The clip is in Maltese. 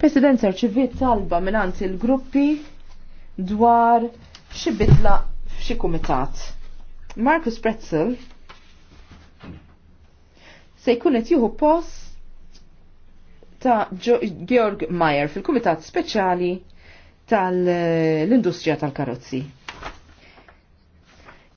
Presidenza rċivit talba minn il-gruppi dwar xi bidla f'xi kumitat. Marcus Pretzel se jkun qed jieħu post ta' Georg Meyer fil-Kumitat Speċjali tal-Industrija tal-Karozzi.